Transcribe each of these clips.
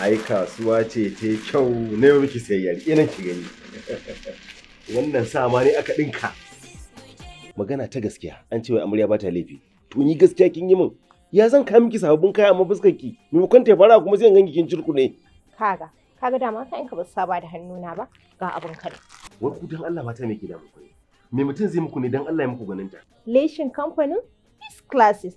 ai kasuwa ce ta kyau na yau miki sayayyar ina ki gani wannan sama ne aka ɗinka. magana ta gaskiya an ce wai amarya ba ta laifi to ni gaskiya kin yi min ya zan kai miki sababbin kaya amma fuskar ki maimakon ta fara kuma sai ganki kin cirku ne kaga kaga dama ka in ka ba saba da hannuna ba ga abin kare wai ku dan Allah mata me ke da mu me mutum zai muku ne don Allah ya muku ganin ta leshin kamfanin peace classes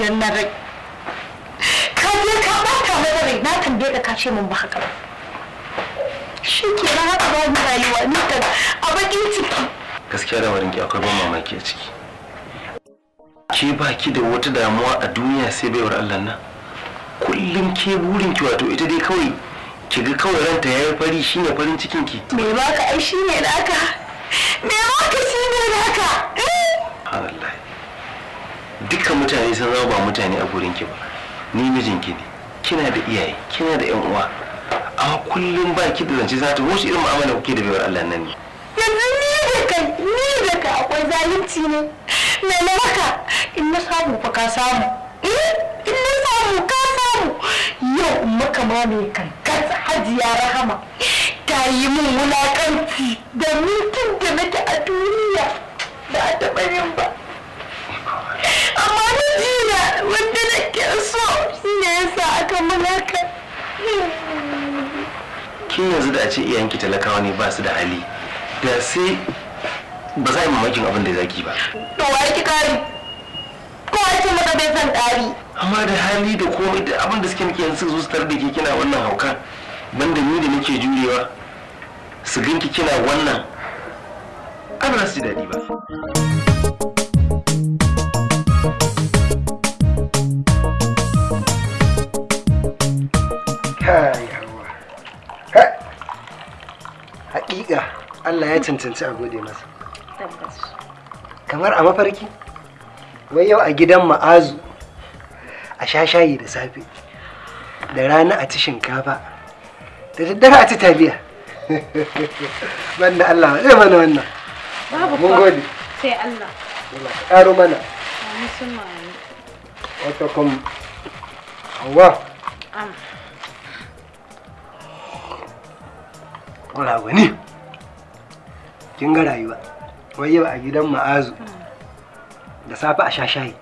baciyar na rai ka ka bata mana rai na tambaye ka kace ce min ba haka ba shi ke na haka ba mu rayuwa ni kan a bakin ciki gaskiya da warin ki akwai ban mamaki a ciki ke ba ki da wata damuwa a duniya sai baiwar Allah nan kullum ke burin ki wato ita dai kawai ki ga kawai ranta yayi fari shine farin cikin ki me baka ai shine naka me baka shine naka Allah dukkan mutane sun zama ba mutane a gurin ki ba ni mijinki ne kina da iyaye kina da yan uwa amma kullum ba ki da zance za ta wasu irin mu'amala kuke da baiwar Allah nan ne yanzu ni da kai ni da akwai zalunci ne me na maka in na samu fa ka samu eh, in na samu ka samu yau maka ma mai kankan hajiya rahama ta yi min wulakanci da mutum da nake a duniya ba ta taɓa ba amma mijina wanda nake so shi ne sa aka mulaka kin yanzu da a ce iyayenki talakawa ne ba su da hali da sai ba za a yi mamakin abin da zaki ba to wa ki kari kowa ce maka bai san tsari amma da hali da komai da abin da suke nake yanzu su tar da ke kina wannan hauka banda ni da nake jurewa su ganki kina wannan ana su daɗi ba yawa haƙiƙa Allah ya cancanci a gode masa kamar a mafarki wai yau a gidan ma'azu a sha shayi da safe da rana a ci shinkafa da daddare a ci taliya banda Allah zai mana wannan mun gode sai Allah ƙaro mana wata kuma hawa Kura wani. Kin ga rayuwa. Wai yau a gidan ma'azu. Da safe a sha shayi.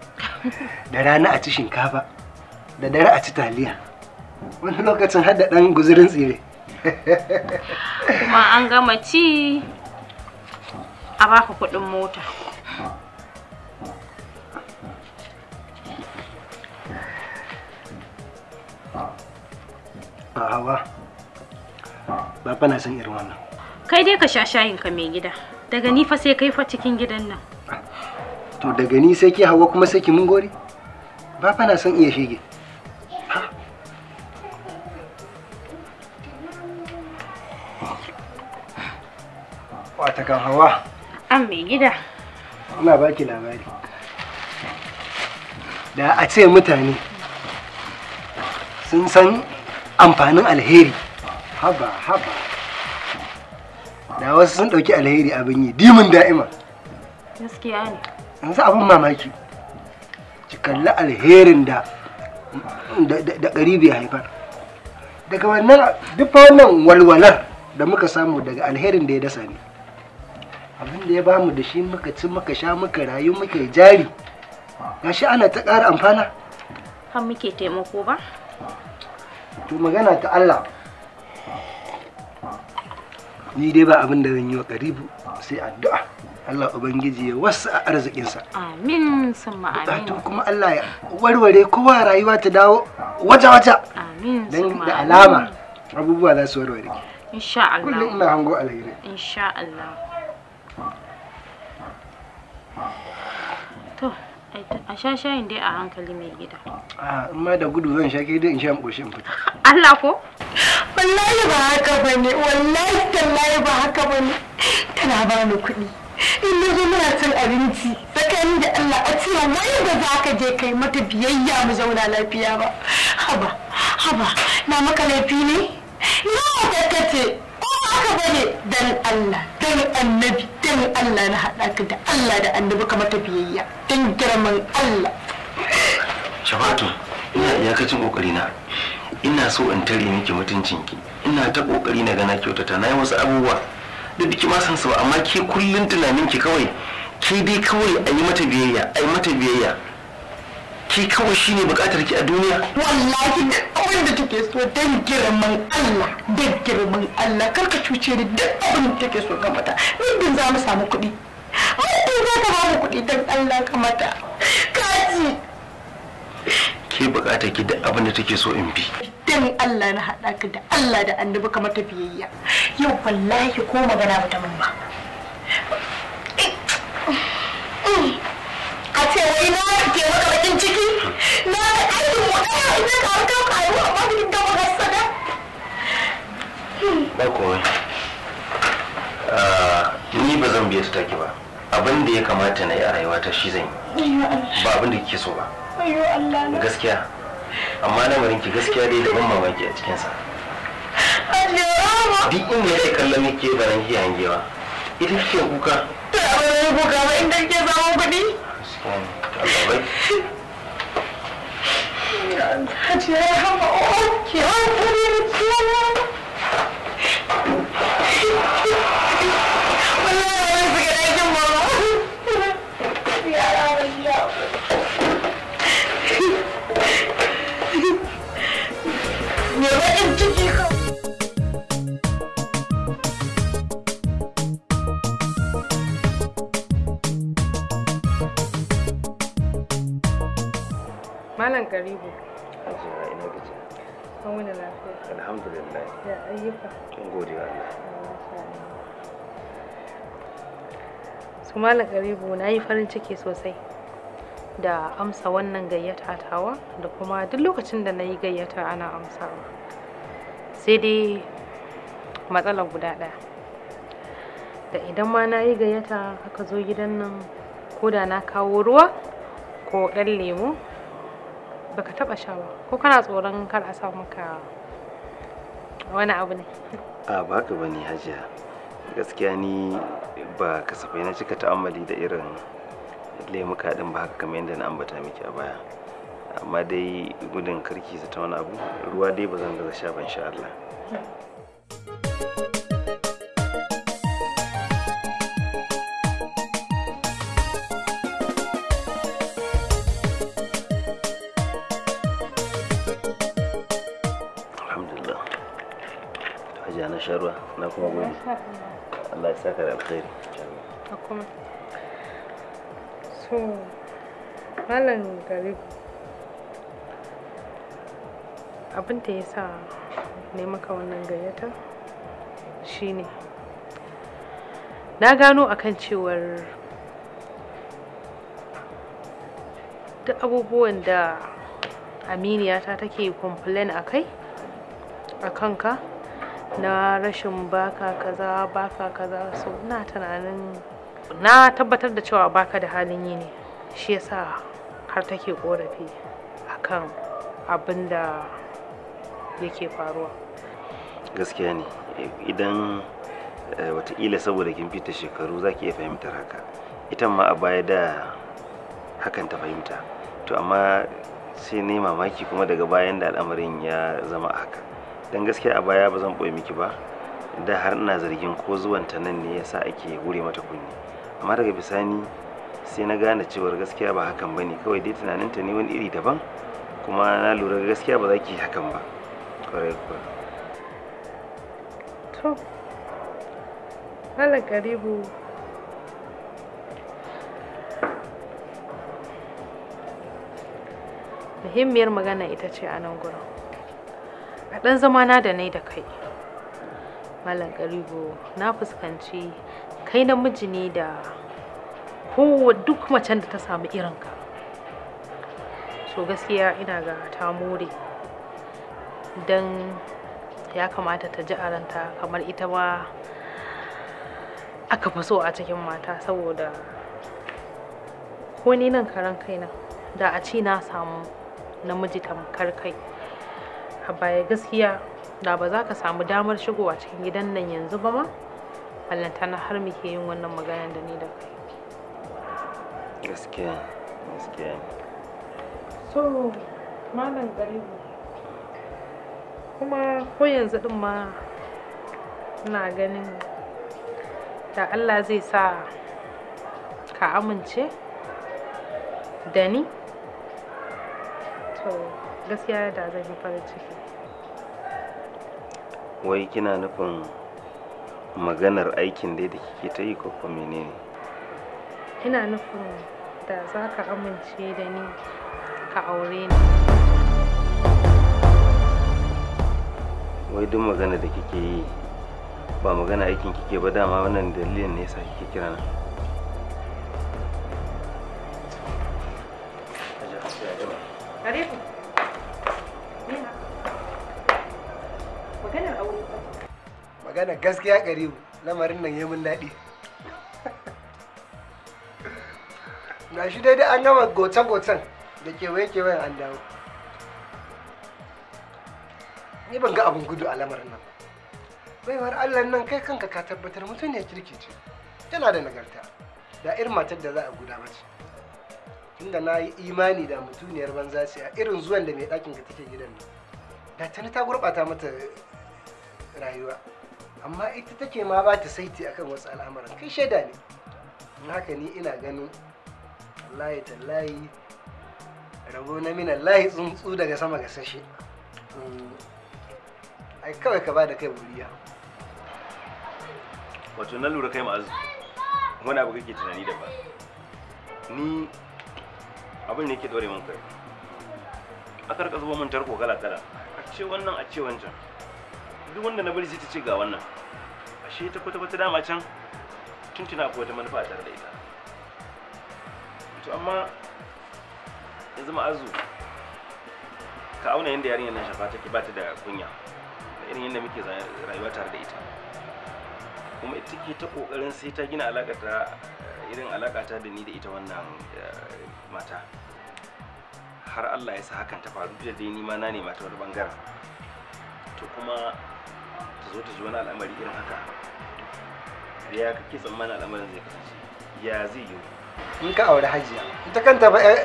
Da rana a ci shinkafa. Da dare a ci taliya. Wani lokacin har da ɗan guzurin tsire. Kuma an gama ci a baka kuɗin mota. A'a ba. Baba na san irin wannan. Kai dai ka sha shayin ka mai gida. Daga ni fa sai kai fa cikin gidan nan. To daga ni sai ki hawa kuma sai ki mun gori? Baba na san iya shige. Wata kan hawa. An mai gida. Ina baki labari. Da a ce mutane sun san amfanin alheri. haba haba da wasu sun ɗauki alheri abin yi dimin da'ima gaskiya ne yanzu abin mamaki ki kalli alherin da da bai haifar daga wannan duk wannan walwalar da muka samu daga alherin da ya dasa ne abin da ya bamu da shi muka ci muka sha muka rayu muka jari gashi ana ta ƙara amfana kan muke taimako ba to magana ta Allah ni dai ba abin da zan yi wa karibu sai addu'a Allah ubangiji ya wasu a arzikinsa amin summa amin bukatu kuma Allah ya warware kowa rayuwa ta dawo waja waja amin dan da alama abubuwa za su warware insha Allah kullum ina hango alheri insha Allah to a sha shayin dai a hankali mai gida a amma da gudu zan sha ke dai in sha in ƙoshi in fita Allah ko wallahi ba haka bane wallahi tallahi ba haka bane tana ba ni kuɗi in na zo muna cin abinci tsakani da Allah a cewa wani ba za ka je kai mata biyayya mu zauna lafiya ba haba haba na maka laifi ne na ta ce ko ba haka bane dan Allah dan annabi kan Allah na haɗa ka da Allah da annabi kamar biyayya dan girman Allah Shafatu ina iyakacin kokari na ina so in tare miki mutuncinki ina ta kokari na gana kyautata na yi wasu abubuwa da biki ma san su amma ke kullun tunaninki kawai ke dai kawai a mata biyayya a yi mata biyayya ki kawai shi ne bukatar ki a duniya wallahi abin da take so dan girman Allah da girman Allah karka cuce ni duk abin da take so ga mata muddin za mu samu kuɗi muddin za ka samu mu kuɗi dan Allah ga mata kaji ke bukatar ki duk abin da take so in bi dan Allah na hada ka da Allah da annabi kamar ta biyayya yau wallahi ko magana ba ta mun ba ce wai na ke maka bakin ciki na da aikin mu ɗaya ina ka hau kanka a yau amma duk da muka sada. Ba komai. Ah, ni ba zan biya ta take ba. Abin da ya kamata na yi a rayuwata shi zan yi. Ba abin da kike so ba. Gaskiya. Amma na lamarin ki gaskiya dai da ban mamaki a cikin sa Duk inda yake kallon yake baran ki hangewa. Ita kike kuka. Ta abin kuka ba inda kike samun kuɗi. One, lovely. Jan, had jij hem ook? Ja, dat is het. Malam Garibu. ina gaji. Kan wani lafiya. Alhamdulillah. Ya ayyuka. Kin gode wa Allah. Su Malam Garibu na yi farin ciki sosai da amsa wannan gayyata tawa da kuma duk lokacin da na yi gayyata ana amsawa. Sai dai matsala guda ɗaya. Da idan ma na yi gayyata aka zo gidan nan ko da na kawo ruwa ko ɗan lemo baka taba sha ba ko kana tsoron kar a samu ka wani abu ne a baka bane hajiya gaskiya ni ba kasafai na cika ta'ammali da irin lemuka din ba haka kamar yadda na ambata miki a baya amma dai gudun karki ta wani abu ruwa dai ba zan gaza sha ba insha Allah sharwa na kuma gode Allah ya saka da alkhairi so malam gari abin da ya sa ne maka wannan gayyata shine na gano akan cewar duk abubuwan da aminiyata take complain a kai a kanka na rashin baka kaza baka kaza so ina tunanin na tabbatar da cewa baka da halin yi ne shi yasa har take korafi akan abin da yake faruwa gaskiya ne idan eh, watakila saboda kin fita shekaru za ki iya fahimtar haka ita ma a baya da hakan ta fahimta to amma sai ne mamaki kuma daga bayan da al'amarin ya zama haka don gaskiya a baya ba zan ɓoye miki ba da har ina zargin ko zuwan ta nan ne yasa ake hure mata kunni amma daga bisani sai na gane cewar gaskiya ba hakan bane kawai dai tunaninta ne wani iri daban kuma na lura gaskiya ba za ki yi hakan ba kwarai kuwa to hala garibu muhimmiyar magana ita ce a nan gurin a ɗan na da nai da kai malam garibo na fuskanci kai namiji ne da kowa duk macen da ta samu irin ka. so gaskiya ina ga ta more don ya kamata ta ji a ranta kamar ita ba aka fi so a cikin mata saboda ko ni nan karan kaina da a ci na samu namiji tamkar kai a baya gaskiya da ba za ka samu damar shigowa cikin gidan nan yanzu ba ma ballantana har muke yin wannan magana da ni da kai gaskiya gaskiya so malam garibu kuma ko yanzu din ma ina ganin da allah zai sa ka amince da ni to gaskiya da zai yi farin ciki wai kina nufin maganar aikin dai da kike ta yi ko kuma menene ina nufin da za ka amince da ni ka aure ni wai duk magana da kike yi ba magana aikin kike ba dama wannan dalilin ne yasa kike kira na gaskiya karibu lamarin nan ya mun daɗi na shi daidai an gama gocen gocen da kewaye-kewayen an dawo ni ban ga abin gudu a lamarin nan baiwar allah nan kai kanka ka tabbatar mutum ne kirki ce tana da nagarta da irin matar da za a guda mace tunda na yi imani da mutuniyar banza ce a irin zuwan da mai ɗakin ka take gidan nan da ta ta gurɓata mata rayuwa amma ita take ma ba ta saiti akan wasu al'amuran kai shaida ne in haka ni ina ganin layi tallayi rabo na mina layi tsuntsu daga sama ga sashe mm. ai kawai ka ba da kai buriya wato na lura kai ma'azu wani abu kake tunani da ba ni abin ne ke dore mun kai a karka zuwa mun tarko kala kala a ce wannan a ce wancan duk wanda na bari sai ta ce ga wannan ashe ta kwata kwata dama can tuntuna ko wata manufa tare da ita to amma yanzu ma'azu ka auna yadda yarinyar nan shafa take ba ta da kunya da irin yadda muke rayuwa tare da ita kuma ita ke ta kokarin sai ta gina alaka ta irin alaka ta da ni da ita wannan eh, mata har Allah ya sa hakan ta faru da dai ni ma na ne mata wani bangaren to kuma ta zo ta ji wani al'amari irin haka ya kake tsammanin al'amarin zai kasance ya zai yi in ka aure hajiya ita kanta ba yan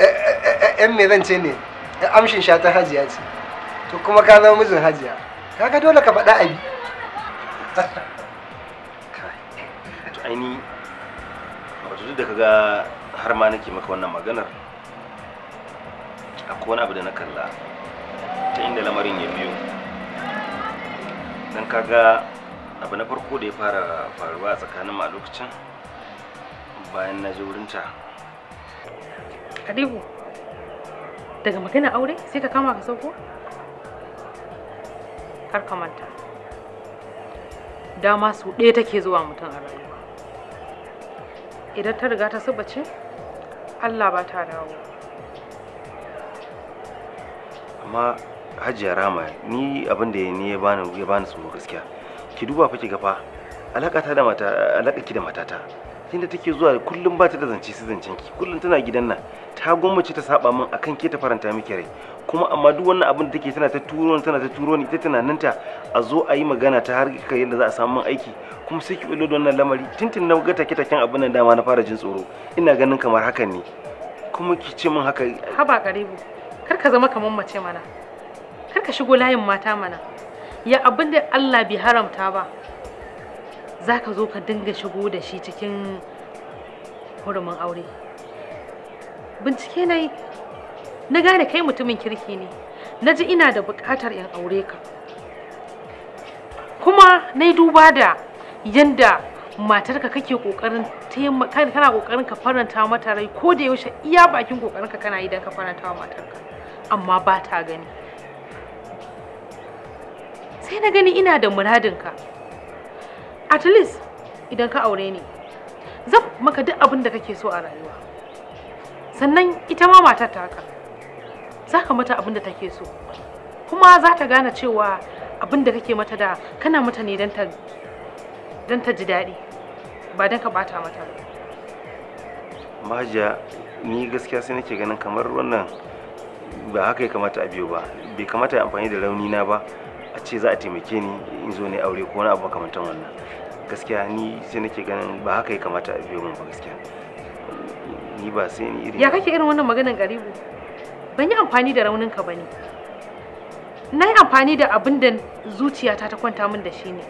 eh, eh, eh, me zance ne amshin shatan hajiya ce to kuma ka zama mijin hajiya kaga dole ka faɗa abi to aini ba wato duk da kaga har ma nake maka wannan maganar akwai wani abu da na kalla ta inda lamarin ya biyo don kaga abu na farko da ya fara faruwa a tsakanin a lokacin bayan na wurinta kadibu daga magana aure sai ka kama ka sauko kar ka manta dama su ɗaya take zuwa mutum a rayuwa idan ta riga ta subace allah ba ta dawo amma hajiya rama ni abin da ni ya bani ya bani tsoro gaskiya ki duba fa ki gafa, alaka ta da mata alaka ki da matata tunda take zuwa kullum ba ta da zance su zancen ki kullum tana gidan nan ta gwammace ta saba min akan ke ta faranta miki rai kuma amma duk wannan abin da take tana ta turo ni tana ta turo ni ita tunaninta a zo a yi magana ta har kai yadda za a samu aiki kuma sai ki bullo da wannan lamari tintin na ga take taken abin nan dama na fara jin tsoro ina ganin kamar hakan ne kuma ki ce min haka haba karibu kar ka zama kamar mace mana kar ka shigo layin mata mana ya abin da Allah bai haramta ba za ka zo ka dinga shigo da shi cikin hurumin aure bincike na na gane kai mutumin kirki ne na ji ina da buƙatar yan aure ka kuma na yi duba da yadda matarka kake ƙoƙarin kana ƙoƙarin ka faranta mata rai ko da yaushe iya bakin ka kana yi don ka faranta wa matarka amma ba ta gani sai na gani ina da muradinka at least idan ka aure ni zan maka duk abin da kake so a rayuwa sannan ita ma matar ta haka za ka mata abin da take so kuma za ta gane cewa abin da kake mata da kana mata ne don ta ji daɗi ba don ka bata mata mahajiya ni gaskiya sai nake ganin kamar wannan ba haka ya kamata a biyo ba bai kamata ya amfani da rauni na ba a ce za a taimake ni in zo ne aure ko wani abu makamantan wannan gaskiya ni sai nake ganin ba haka ya kamata a biyo mun ba gaskiya ni ba sai ni irin ya kake irin wannan maganan garibu ban yi amfani da raunin ka bane na yi amfani da abin da zuciyata ta kwanta min da shi ne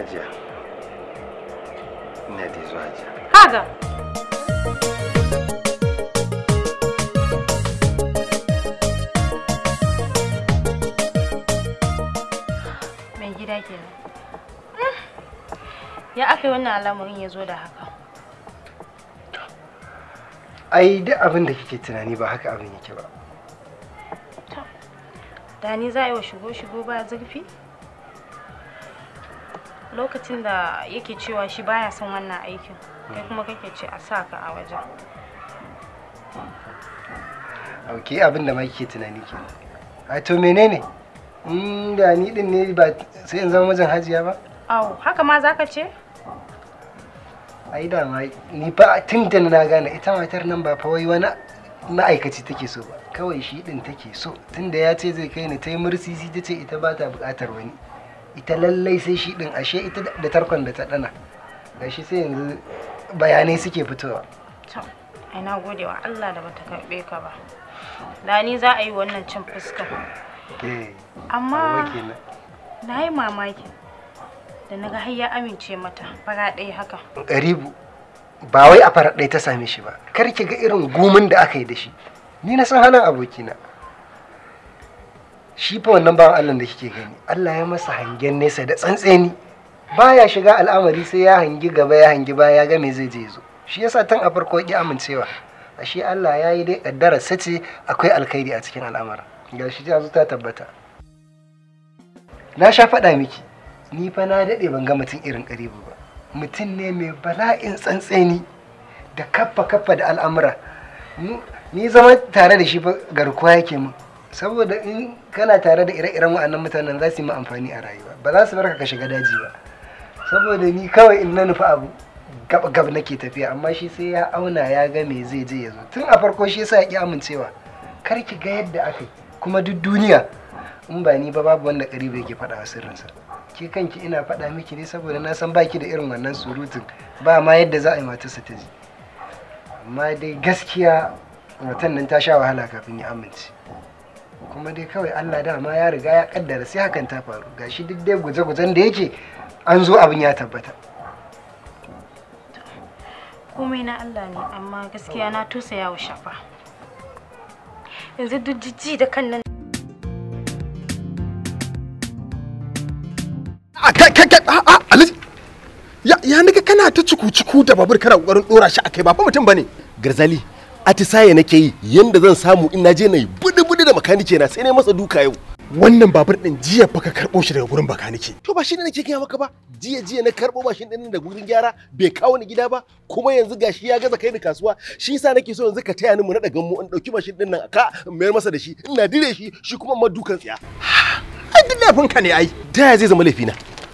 ajiya ina da zuwa ajiya. Kaga! na kenan eh, ya aka wannan al'amarin ya zo da haka ai duk abin da kike tunani ba haka abin yake ba za yi wa shigo-shigo ba zurfi lokacin da yake cewa shi baya son wannan aikin kai kuma kake ce a sa ka a wajen ok abin da ma kike tunani ke ai to menene in da ni din ne ba sai in zama mijin hajiya ba au haka ma za ka ce ai da ma ni fa tun da na gane ita matar nan ba fa wani ma'aikaci take so ba kawai shi din take so tun da ya ce zai kai ni ta yi mursisi ta ce ita ba ta buƙatar wani ita lallai sai shi din ashe ita da tarkon da ta ɗana dana shi sai yanzu bayanai suke fitowa to ai na gode wa Allah da bata karɓe ka ba da ni za a yi wannan cin fuska Eh, amma na yi mamaki da na ga har ya amince mata fara ɗaya haka garibu ba wai a fara ɗaya ta same shi ba kar ki ga irin gumin da aka yi da shi ni na san hana abokina shi fa wannan bawan Allah da kike gani Allah ya masa hangen nesa da tsantseni baya shiga al'amari sai ya hangi gaba ya hangi baya ya ga me zai je zo shi yasa tun a farko ki amincewa ashe Allah ya yi dai kaddara sace akwai alkhairi a cikin al'amarin gashi ta zo ta tabbata na sha faɗa miki ni fa na daɗe ban ga mutum irin karibu ba mutum ne mai bala'in tsantseni da kaffa kaffa da al'amura ni zama tare da shi fa garkuwa yake mun saboda in kana tare da ire-iren waɗannan mutanen za su yi amfani a rayuwa ba za su barka ka shiga daji ba saboda ni kawai in na nufi abu gab gab nake tafiya amma shi sai ya auna ya ga me zai je ya zo tun a farko shi yasa ya ki amincewa kar ki ga yadda aka yi kuma duk duniya in ba ni ba babu wanda karibu yake faɗa a sirrinsa ke kanki ina faɗa miki ne saboda na san baki da irin wannan surutun ba ma yadda za a yi matarsa ta ji amma dai gaskiya mutan nan ta sha wahala kafin ya amince kuma dai kawai Allah dama ya riga ya kaddara sai hakan ta faru gashi duk dai guje-gujen da yake an zo abin ya tabbata komai na Allah ne amma gaskiya na tusa wa shafa yanzu duk jijji da kan nan ya nika kana ta cuku-cuku da babur kana kokarin dora shi akai ba fa mutum bane garzali atisaye nake yi yanda zan samu in naje nayi budu budu da makanike na sai ne masa duka yau wannan babur din jiya fa ka karbo shi daga gurin bakanike to ba shi ne nake gaya maka ba jiya jiya na karbo mashin din da gurin gyara bai kawo ni gida ba kuma yanzu gashi ya gaza kai ni kasuwa shi yasa nake so yanzu ka taya ni mu na daga mu in dauki mashin din nan ka mayar masa da shi ina dire shi shi kuma ma dukan tsiya ai duk laifinka ne ai da zai zama laifina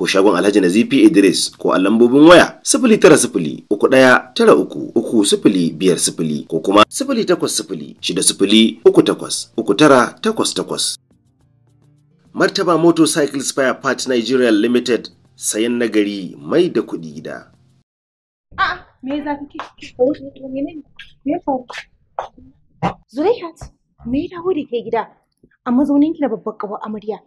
ko shagon Alhaji Nazifi Idris ko a lambobin waya sifili tara ɗaya tara uku biyar ko kuma sifili takwas shida uku Martaba Motorcycle Spire Part Nigeria Limited sayan nagari mai da kuɗi gida. A'a, me za ka ke? Me faru? Zulaihat, me ya dawo da ke gida a mazauninki da babbar ƙawar amarya?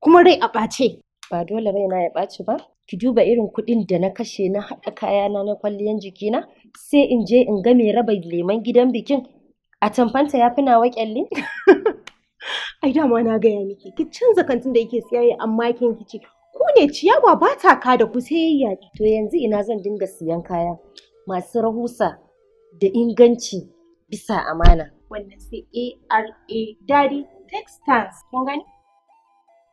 Kuma rai a ɓace, ba dole raina ya ɓaci ba ki duba irin kuɗin da na kashe na haɗa kayana na kwalliyan jikina sai in je in ga mai raba leman gidan bikin a tamfanta ya fi nawa kyalli ai dama na gaya miki ki canza kantin da yake siyayya amma kin kici Ko ne ciyawa ba ta ka da ku sayayya to yanzu ina zan dinga siyan kaya masu rahusa da inganci bisa amana wannan sai ARA Daddy Textiles kun gani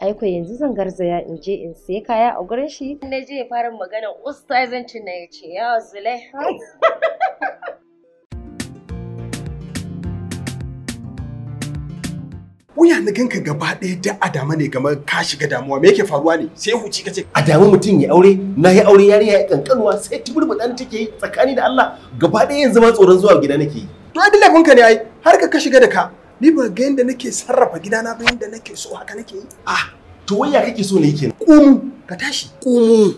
aiko yanzu zan garzaya in je in sai kaya a gurin shi na je fara magana ustazancin na ya ce ya zulai wuya na ganka gaba ɗaya da adama ne game ka shiga damuwa me yake faruwa ne sai huci kace adama mutum ya aure na ya aure yarinya ya kankanuwa sai tuburbuɗan take yi tsakani da Allah gaba ɗaya yanzu ma tsoron zuwa gida nake yi to ai laifin ka ne ai har ka shiga da ka ni ba ga yadda nake sarrafa gidana ba yadda nake so haka nake yi ah to ya kake so ne yake kumu ka tashi kumu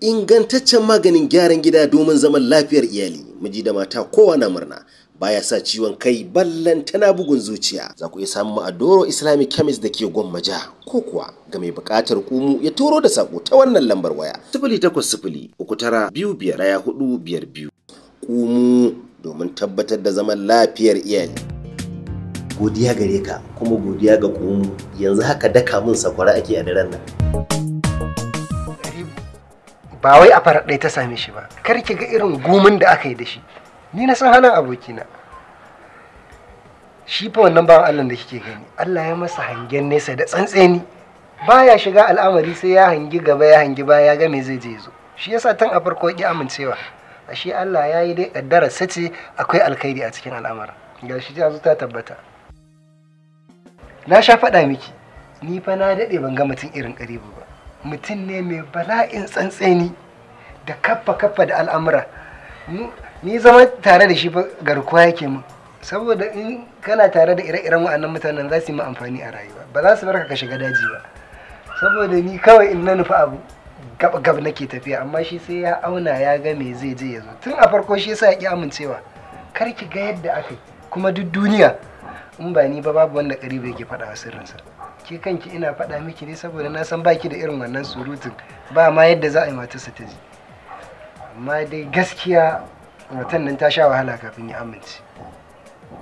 ingantaccen maganin gyaran gida domin zaman lafiyar iyali miji da mata kowa na murna baya sa ciwon kai ballan tana bugun zuciya za ku iya samun a doro islamic chemist da ke gwammaja ko kuwa ga mai buƙatar kumu ya turo da sako ta wannan lambar waya sifili takwas sifili uku tara biyu biyar hudu biyar biyu kumu domin tabbatar da zaman lafiyar iyali godiya gare ka kuma godiya ga kuma yanzu haka daka mun sakwara ake a daren nan ba wai a farar ta same shi ba kar ki ga irin gumin da aka yi da shi ni na san hana abokina shi fa wannan bawan Allah da kike gani Allah ya masa hangen nesa da tsantseni baya shiga al'amari sai ya hangi gaba ya hangi baya ya ga me zai je zo shi yasa tun a farko ki amincewa ashe Allah ya yi dai kaddara sace akwai alkhairi a cikin al'amarin gashi ta ta tabbata na sha faɗa miki ni fa na daɗe ban ga mutum irin karibu ba mutum ne mai bala'in tsantseni da kaffa kaffa da al'amura ni zama tare da shi garkuwa yake mu saboda in kana tare da ire-iren wa'annan mutanen za su yi ma amfani a rayuwa ba za su bar ka shiga daji ba saboda ni kawai in na nufi abu gab-gab nake tafiya amma shi sai ya auna ya ga me zai je ya zo tun a farko shi yasa ya ki amincewa kar ki ga yadda aka kuma duk duniya in ba ni ba babu wanda karibu yake faɗa a sirrinsa ke kanki ina faɗa miki ne saboda na san baki da irin wannan surutun ba ma yadda za a yi matarsa ta ji amma dai gaskiya watan nan ta sha wahala kafin ya amince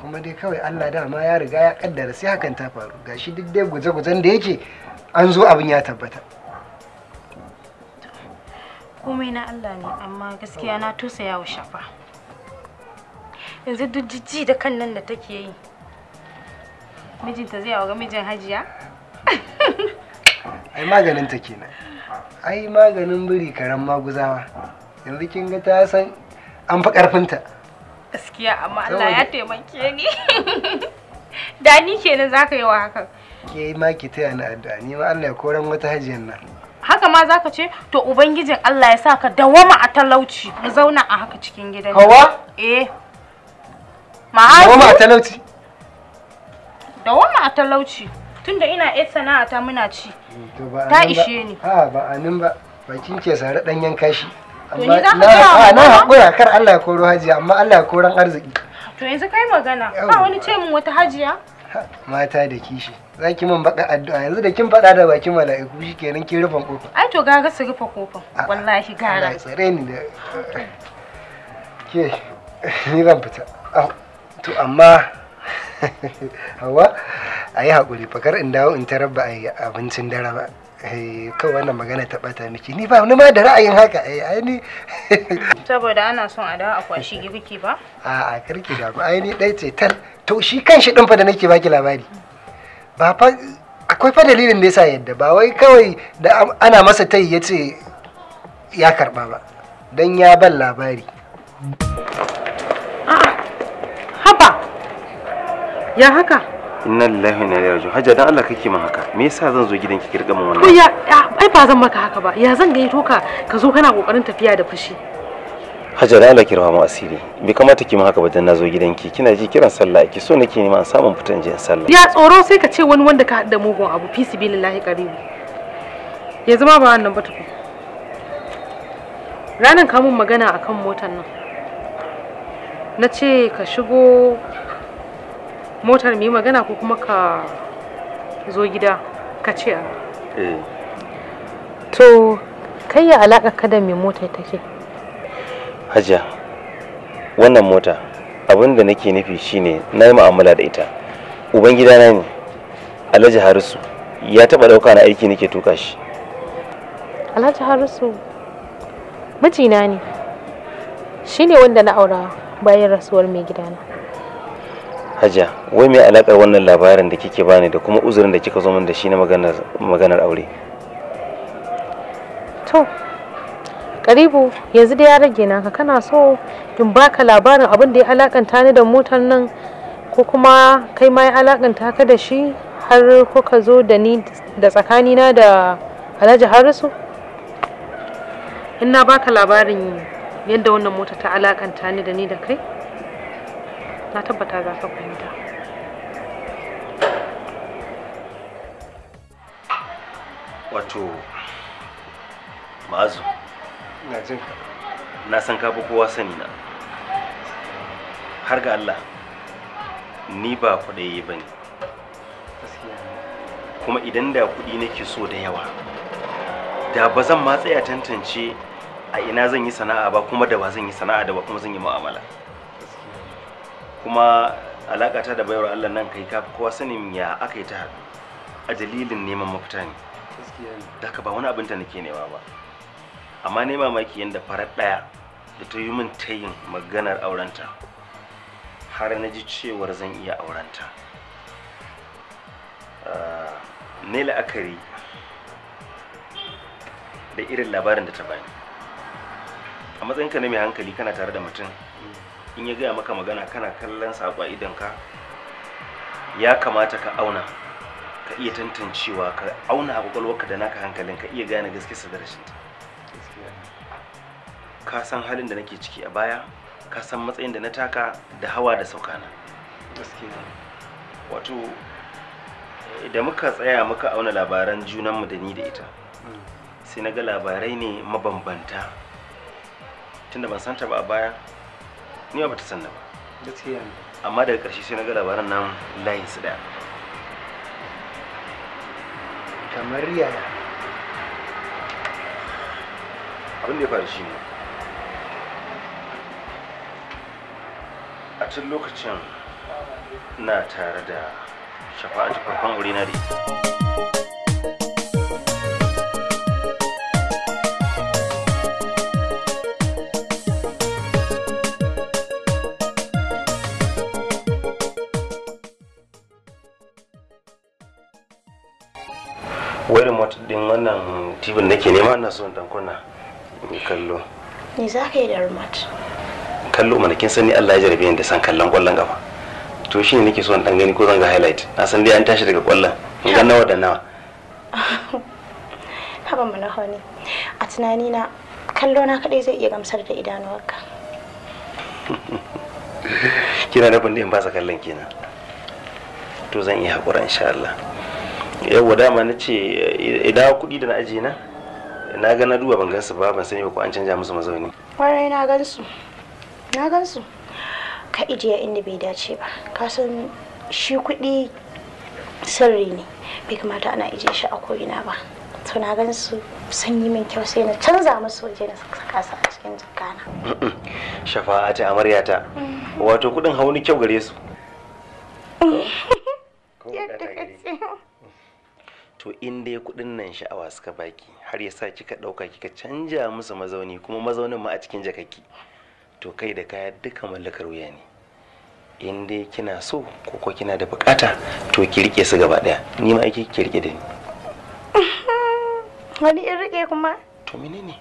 kuma dai kawai Allah dama ya riga ya kaddara sai hakan ta faru gashi duk dai guje-gujen da yake an zo abin ya tabbata komai na Allah ne amma gaskiya na tusa yawo shafa yanzu duk jijji da kan nan da take yi Mijinta zai aure mijin hajiya? Ai maganin ta kenan. Ai maganin biri karen maguzawa. Yanzu kin ga ta san an fi karfinta. Gaskiya amma Allah ya taimake ni. dani ni kenan zaka yi wa hakan. Ke ma ki taya ni addu'a ni ma Allah ya koran wata hajiyar nan. haka ma zaka ce to ubangijin Allah ya sa ka dawama a talauci mu zauna a haka cikin gidan. Hawa? Eh. Ma'azu. Dawama a talauci? da wannan a talauci tunda ina yar sana'a ta muna ci ta ishe ni ha ba a ba. ba bakin ke sare yanka kashi amma na haƙura kar Allah ya koro hajiya amma Allah ya koran arziki to yanzu kai magana ba wani ce min wata hajiya mata da kishi za ki min baka addu'a yanzu da kin faɗa da bakin mala'iku shikenan kin rufe kofa ai to gaga su rufe kofa wallahi gara Allah tsare ni da ke ni zan fita to amma hawa a yi haƙuri fakar in dawo in ta ba a abincin dare ba eh, kan wannan magana ta ɓata miki ni ba ni ma da ra'ayin haka ai eh, ai ni saboda ana son a dawo a kwashi girki ba a a karki da ai ni dai ce tar to shi kanshi din fa da nake baki labari ba fa akwai fa dalilin da yasa yadda ba wai kawai da ana masa tai yace ya karba ba dan ya ban labari ya haka inna lillahi wa inna ilaihi raji'un hajja dan Allah kake min haka me yasa zan zo gidanki ki rika min wannan ya ai ba zan maka haka ba ya zan gaito ka ka zo kana kokarin tafiya da fushi hajja dan Allah ki rawa asiri bai kamata ki min haka ba dan nazo gidanki kina ji kiran sallah ki so nake neman samun fitan jin sallah ya tsoro sai ka ce wani wanda ka hada mugun abu fi sibilillahi qaribi ya zama ba wannan ba tukun ranan ka mun magana akan motar nan na ce ka shigo motar mai magana ko kuma ka zo gida ka ce a eh. to kai ya alaƙa ka da mai motar take hajiya wannan mota abin da nake nufi shine na yi mu'amala da ita ubangida na ne alhaji harisu ya taɓa ɗauka na aiki nake tuka shi alhaji harisu mijina ne shine wanda na aura bayan rasuwar mai gidana hajiya wai me alakar wannan labarin da kike bani da kuma uzurin da kika zo min da shi na maganar aure to karibu yanzu da ya rage naka kana so in baka labarin abin da ya alakanta ni da motar nan ko kuma kai ma ya alakanta ka da shi har kuka zo da ni da tsakanina da alhaji harisu in na baka labarin yadda wannan mota ta alakanta ni da ni da kai na tabbata za ka fahimta wato ma'azu na san ka kowa sani na har ga Allah ni ba yi ba ne kuma idan da kuɗi nake so da yawa da ba zan ma tantance a ina zan yi sana'a ba kuma da ba zan yi sana'a da ba kuma zan yi mu'amala. kuma alaƙa ta da bayar Allah nan kai kafi kowa sanin ya aka yi ta haɗu a dalilin neman mafita ne da ka ba wani abin ta nake nema ba amma nema mamaki yadda farar ɗaya da ta yi min tayin maganar aurenta har na ji cewar zan iya aurenta ah, ne la'akari da irin labarin da ta bani a matsayinka na mai hankali kana tare da mutum in ya gaya maka magana kana kallon saƙo idan ka ya kamata ka auna ka iya tantancewa ka auna a kwakwalwarka da naka hankalin ka iya gane su da rashin ka san halin da nake ciki a baya ka san matsayin da na taka da hawa da saukana wato da muka tsaya muka auna labaran junanmu da ni da ita hmm. sai na ga labarai ne mabambanta tunda ban santa ba a baya ni ba ta sanna ba gaskiya ne amma daga karshe sai na ga labaran nan layin su daya kamar yaya abin da ya faru shine a cikin lokacin na tare da shafa'atu farkon wuri na da ita wani remote din wannan tv ke nema na son dan kunna ni kallo ni za ka yi da rumat kallo mana kin sani Allah ya jarabe ni da san kallon kwallon gaba to shi ne nake son dan gani ko zan ga highlight na san dai an tashi daga kwallon in ga nawa da nawa haba mana honi a tunani na kallo na kadai zai iya gamsar da idanuwarka kina da in ba sa kallon kenan to zan iya haƙura insha Allah yawwa dama na ce eh, idan kuɗi da na ajiye na na ga na duba ban su ba ban sani ba ko an canja musu mazauni kwarai na su, na gan su, ka ya inda bai dace ba ka san shi kuɗi sirri ne bai kamata ana ije shi a ko'ina ba to na gan su sun yi min kyau sai na canza musu waje na saka su a cikin jikana shafa'a ta amaryata mm. wato kuɗin hauni kyau gare su mm. yadda to in dai kudin nan sha'awa suka baki har ya sa kika dauka kika canja musu mazauni kuma mazaunin ma a cikin jakaki to kai da kaya duka mallakar wuya ne in dai kina so ko ko kina da bukata to ki rike su gaba daya ni ma ake ki rike da ni wani in rike kuma to menene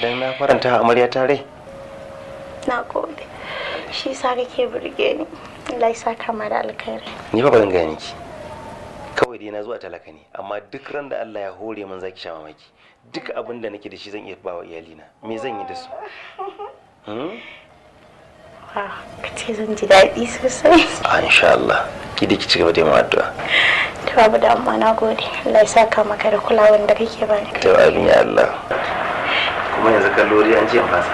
dan na faranta amarya tare na gode shi sa kake burge ni Allah ya saka mara alkhairi ni ba ban gane ki kawai dai na zuwa talaka ne amma duk ran da Allah ya hore min zaki sha mamaki duk abin da nake da shi zan iya ba wa iyalina me zan yi da su hmm? ka ce zan ji daɗi sosai a ah, insha Allah ki da ki ci gaba da yin addu'a to babu da amma na gode Allah ya saka maka da kulawan da kake bani to abin ya Allah kuma yanzu lori an ce in fasa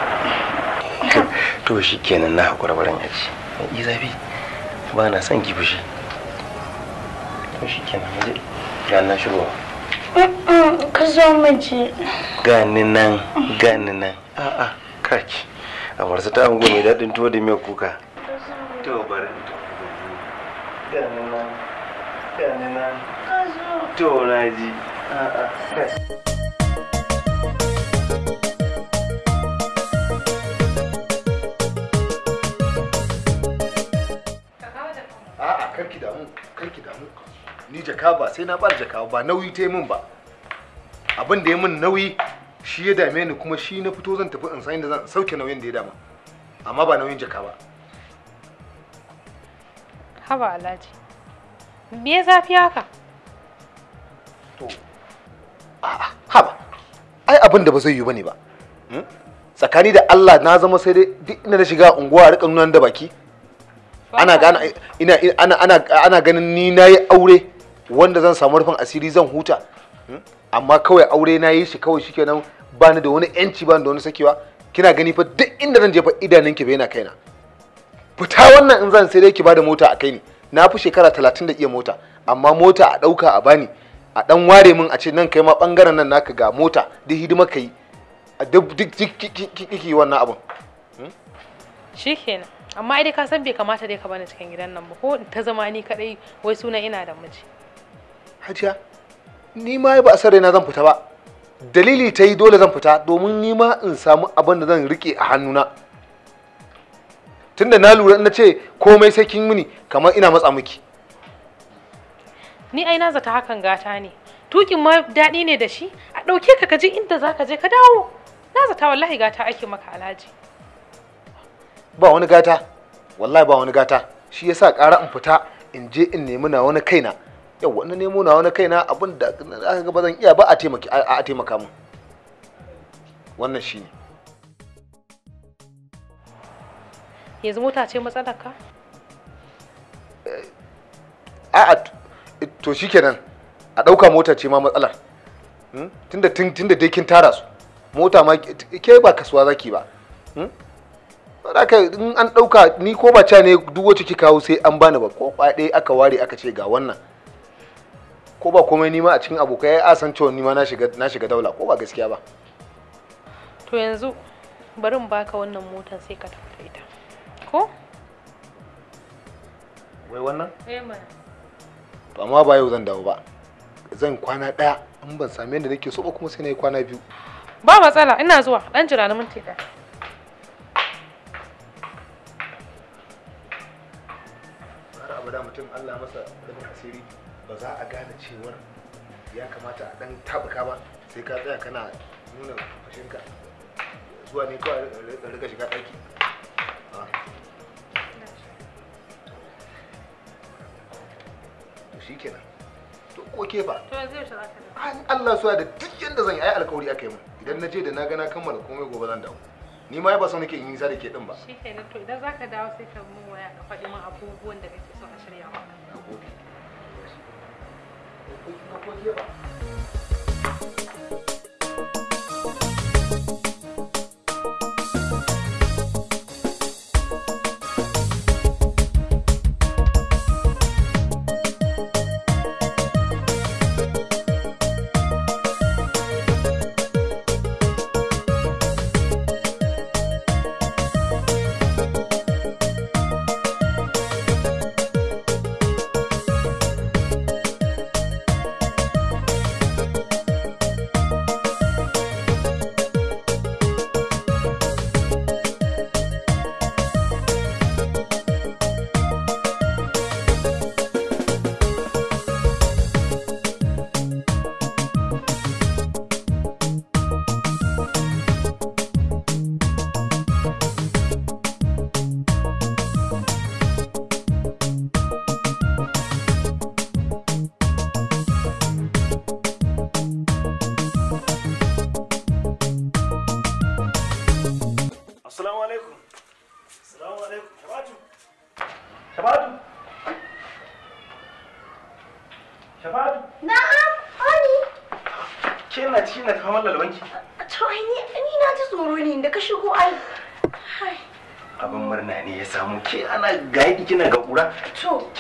to shikenan na hakura baran yaji yi zafi ba na son ki fushi to shi kenan mu je na shigowa ka zo mu je gani nan gani nan a'a a warsa ta ango mai daɗin tuwo da mai kuka to bari gani nan gani nan to na ji a'a kai karki damu damu ni jaka ba sai na bar jaka ba nauyi ta min ba abin da ya min nauyi shi ya dame ni kuma shi na fito zan tafi in san inda zan sauke nauyin da ya dama amma ba nauyin jaka ba haba alhaji me ya zafi haka to a'a haba ai abin da ba zai yi bane ba hmm? tsakani da Allah na zama sai dai duk ina da shiga unguwa rika nuna da baki ana ana ana ganin ni nayi aure wanda zan samu rufin asiri zan huta hmm? amma kawai aure na yi shi kawai shikenan ni da wani yanci ba da wani sakewa kina gani fa duk inda zan je fa idanun ki kai kaina fita wannan in zan sai dai ki bada mota a kai ni na fi shekara talatin da iya mota amma mota a dauka a bani a dan ware min a ce nan kai ma bangaren nan naka ga mota da hidima ka a duk kiki wannan abin hmm? shi amma ai ka san bai kamata dai ka bani cikin gidan nan ba ko ta zama ni kadai wai suna ina da miji hajiya ni ma ba a san raina zan fita ba dalili ta yi dole zan fita domin ni ma in samu abin da zan rike a hannuna tunda na lura na ce komai sai kin mini kamar ina matsa miki ni ai na zata hakan gata ne tukin ma daɗi ne da shi a ɗauke ka kaji inda za ka je ka dawo na zata wallahi gata ake maka alhaji ba wani gata wallahi ba wani gata shi yasa ƙara in fita in je in nemi na wani kaina yau wani nemo na wani kaina abin da aka ga ba zan iya ba a taimaka min wannan shi ne yanzu mota ce matsalarka? Eh, a'a to shi kenan, a ɗauka mota ce ma matsalar hmm? tunda tunda dai kin tara su mota ma ke ba kasuwa zaki ba haka hmm? in an ɗauka ni ko ba ca ne duk wacce ki kawo sai an bani ba ko kwaɗe aka ware aka ce ga wannan ko ba komai nima a cikin abokai ya san cewa nima na shiga na shiga daula ko ba gaskiya ba to yanzu bari in baka wannan motar sai ka tafi da ita ko wai wannan eh to amma ba yau zan dawo ba zan kwana daya in ban sami yadda nake so ba kuma sai na yi kwana biyu ba matsala ina zuwa dan jira na minti daya har abada mutum Allah masa da asiri ba za a gane cewar ya kamata a dan tabuka ba sai ka tsaya kana nuna fashinka zuwa ne kawai da riga shiga ɗaki ah. to shi kenan to ko ke ba to yanzu yaushe za ka da Allah suwa da duk yanda zan yi alkawari aka yi min idan na je da na gana kammala komai gobe zan dawo ni ma ba son nake yin nisa da ke din ba shi kenan to idan za ka dawo sai ka mun waya ka faɗi min abubuwan da kake son a shirya maka 都过界吧。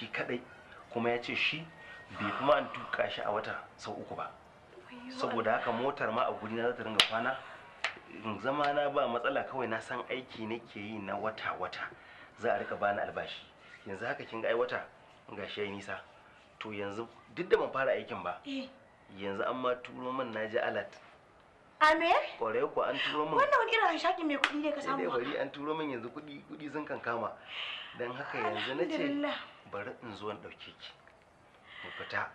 shi kadai kuma ya ce shi bai kuma an tuka shi a wata sau uku ba saboda haka motar ma a gudina za ta ringa kwana zama na ba matsala kawai na san aiki nake yi na wata-wata za a rika bani albashi yanzu haka kin ga ai wata ga shi nisa to yanzu duk da ban fara aikin ba eh. yanzu an ma turo man naji alat A me? Kwarai an turo min. Wannan wani irin hanshaki mai kuɗi ne ka samu. Dai bari an turo min yanzu kuɗi kuɗi sun kan kama. Dan haka yanzu na ce bari in zo in ɗauke ki. Mu fita.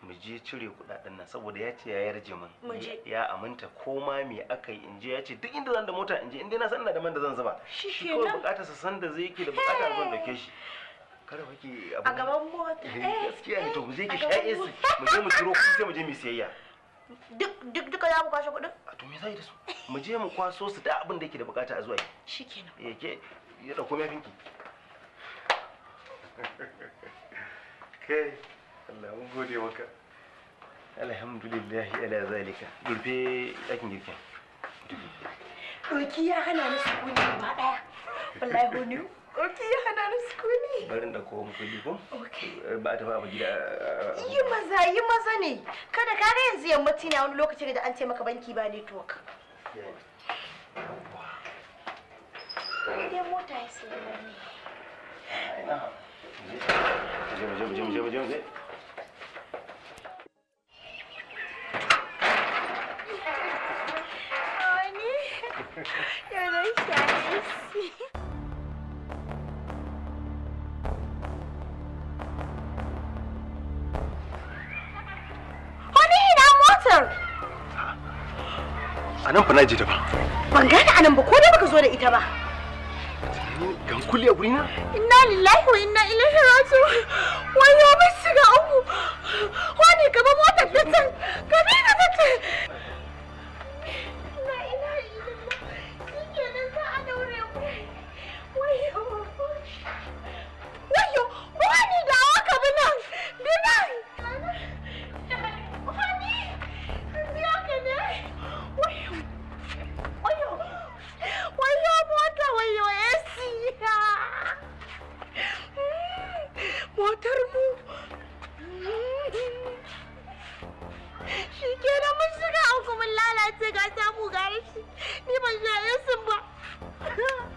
Mu je cire kuɗaɗen nan saboda ya ce ya yarje min. Ya aminta ko ma me aka yi in je ya ce duk inda zan da mota in je in dai na san ina da man da zan zuba. Shi Kawai bukatar sa san da zai yake da bukatar zan ɗauke shi. Kada kake abu. A gaban mota. Gaskiya ne to mu je ki eh, mu je mu turo sai mu je mu siyayya. duk duk duka za mu kwashe kuɗin a to me zai da su mu je mu kwaso su da abin da yake da bukata a zuwa shikenan yake eh, ya dauko mafinki kai Allah mun gode maka alhamdulillah ala zalika gurfe ɗakin girkin doki ya hana ni sukuni ba ɗaya wallahi Ok, ya hana ni sukuni. Barin da kowa yi ko? Ok. Eh, ba ta ba gida. Eh, yi maza, yi maza ne. Kada ka ga yanzu yammaci na wani lokaci da an taimaka maka banki ba network. Dai mota ya sayi ne. Ina. Je, je, je, je, je, je. Eu não enxergo motar. A nan fa na je ta ba. Ban gane a nan ba ko da baka zo da ita ba. Gan kulle guri na? Inna lillahi wa inna ilaihi raji'un. Wai ya bar shiga uku. Wani gaba motar ta can. Gabi da ta samu garashi ni ban sha yasin ba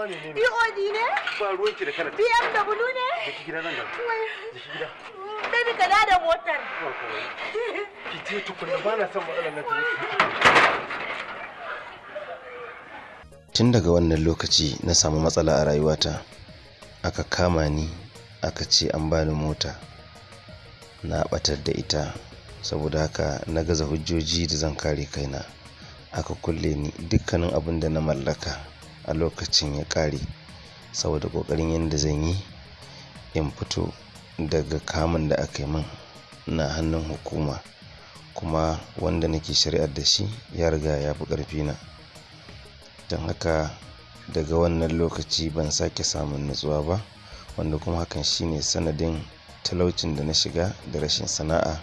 ma ne ba ne gida nan da motar tun daga wannan lokaci na samu matsala a rayuwata aka kama ni aka ce an bani mota na batar da ita saboda haka na gaza hujjoji da zan kare kaina aka kulle ni dukkanin abin da na mallaka a lokacin ya kare saboda ƙoƙarin yadda zan yi in fito daga kamun da aka yi min na hannun hukuma kuma wanda nake shari'ar da shi ya riga ya fi ƙarfi na don haka daga wannan lokaci ban sake samun nutsuwa ba wanda kuma hakan shine sanadin talaucin da na shiga da rashin sana'a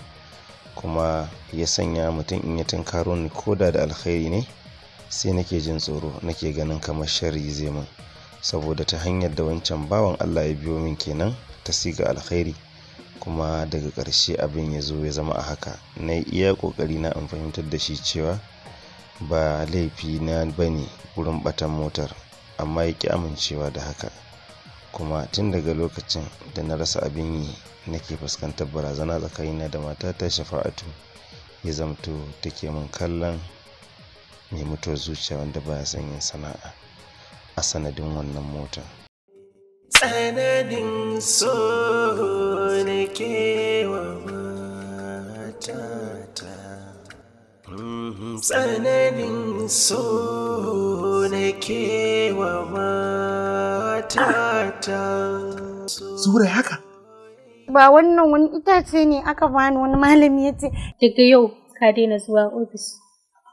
kuma ya sanya mutum in ya tunkaro ni koda da alkhairi ne sai nake jin tsoro nake ganin kamar shari zai mun saboda ta hanyar da wancan bawan allah ya biyo min kenan ta siga alkhairi kuma daga ƙarshe abin ya zo ya zama a haka na iya ƙoƙari na in fahimtar da shi cewa ba laifi na bane wurin batan motar amma ya ƙi amincewa da haka kuma tun daga lokacin da na rasa abin yi nake fuskantar barazana tsakanina da matata shafa'atu ya zamto take min kallon ya mutuwa zuciya wanda ba son yin sana'a a sanadin wannan mota tsananin so na kewa matata tsananin so na kewa matata zura haka ba wannan wani itace ne aka bani wani malami ya ce daga yau ka daina zuwa ofis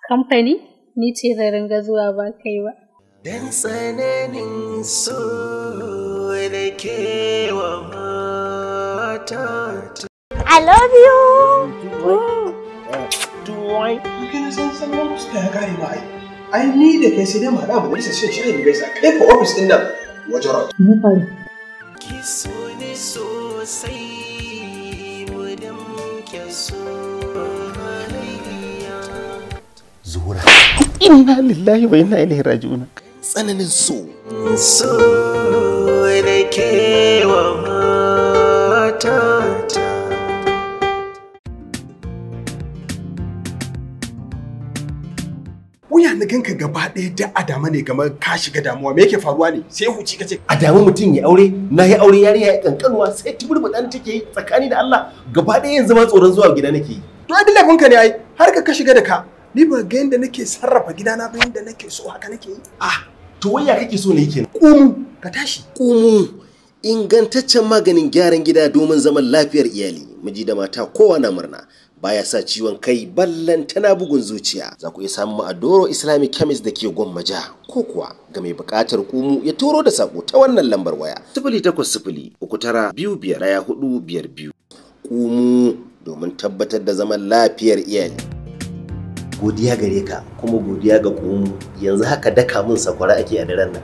kamfani ni ce da ringa zuwa ba kai ba. Dan tsananin so da wa mata I love you! Kana san kare ba ai. ni da kai sai dai mu shi gaisa kai ko ofis ɗin nan wajen rot. Ni fa. ne sosai mu da muke zuhura inna lillahi wa inna ilaihi raji'un tsananin so so wuya na ganka gaba ɗaya da adama ne kamar ka shiga damuwa me yake faruwa ne sai huci A adama mutum ya aure na yi aure yariya ya kankanuwa sai tuburbuɗan take yi tsakani da Allah gaba ɗaya yanzu ma tsoron zuwa gida nake yi to ai laifin ka ne ai har ka shiga da ka ni ba ga yadda nake sarrafa gidana ba yadda nake so haka nake yi ah to ya kake so ne kenan kumu ka tashi kumu ingantaccen maganin gyaran gida domin zaman lafiyar iyali miji da mata kowa na murna baya sa ciwon kai ballan tana bugun zuciya za ku iya samu a Doro Islamic Chemist da ke Gwamma Gwammaja ko kuwa ga mai bukatar kumu ya turo da sako ta wannan lambar waya sifili takwas sifili uku tara biyu biyar ɗaya hudu biyar biyu kumu domin tabbatar da zaman lafiyar iyali. godiya gare ka kuma godiya ga kuma yanzu haka daka mun sakwara ake a daren nan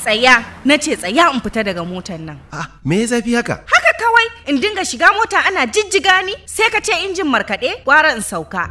tsaya na ce tsaya in fita daga motar nan ah me ya zafi haka haka kawai in dinga shiga mota ana jijjiga ni sai ka ce injin markaɗe gwara in sauka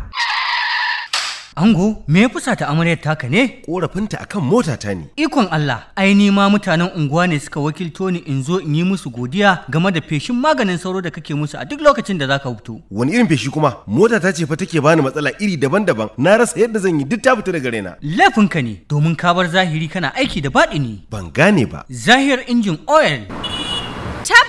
Ango, me ya fusa ta amaryar taka ne? Ƙorafinta kan mota ta ne. Ikon Allah, ai ni ma mutanen unguwa ne suka wakilto ni in zo in yi musu godiya game da feshin maganin sauro da kake musu a duk lokacin da zaka fito. Wani irin feshi kuma? Mota ta ce fa take bani matsala iri daban-daban. Na rasa yadda zan yi duk ta fita daga raina. Laifinka ne, domin ka bar zahiri kana aiki da baɗi baɗini. Ban gane ba. Zahir injin oil. Tap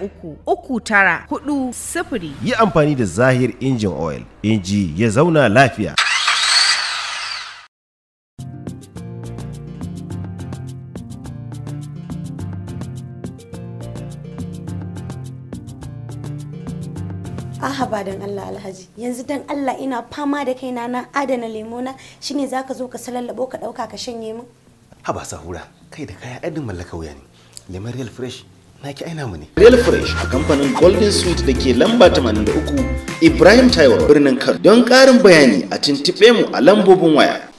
uku uku tara hudu sifiri. Yi amfani da Zahir injin oil, inji ya zauna lafiya. ba don Allah alhaji yanzu dan Allah ina fama da kaina na adana lemona shine zaka zo ka salallabo ka dauka ka shanye min haba sahura kai da kaya adin mallaka wuya ne lemon real fresh Na ki aina mu ne real fresh a kamfanin golden sweet da ke lamba 83 ibrahim taiwo birnin kano don ƙarin bayani a tuntuɓe mu a lambobin waya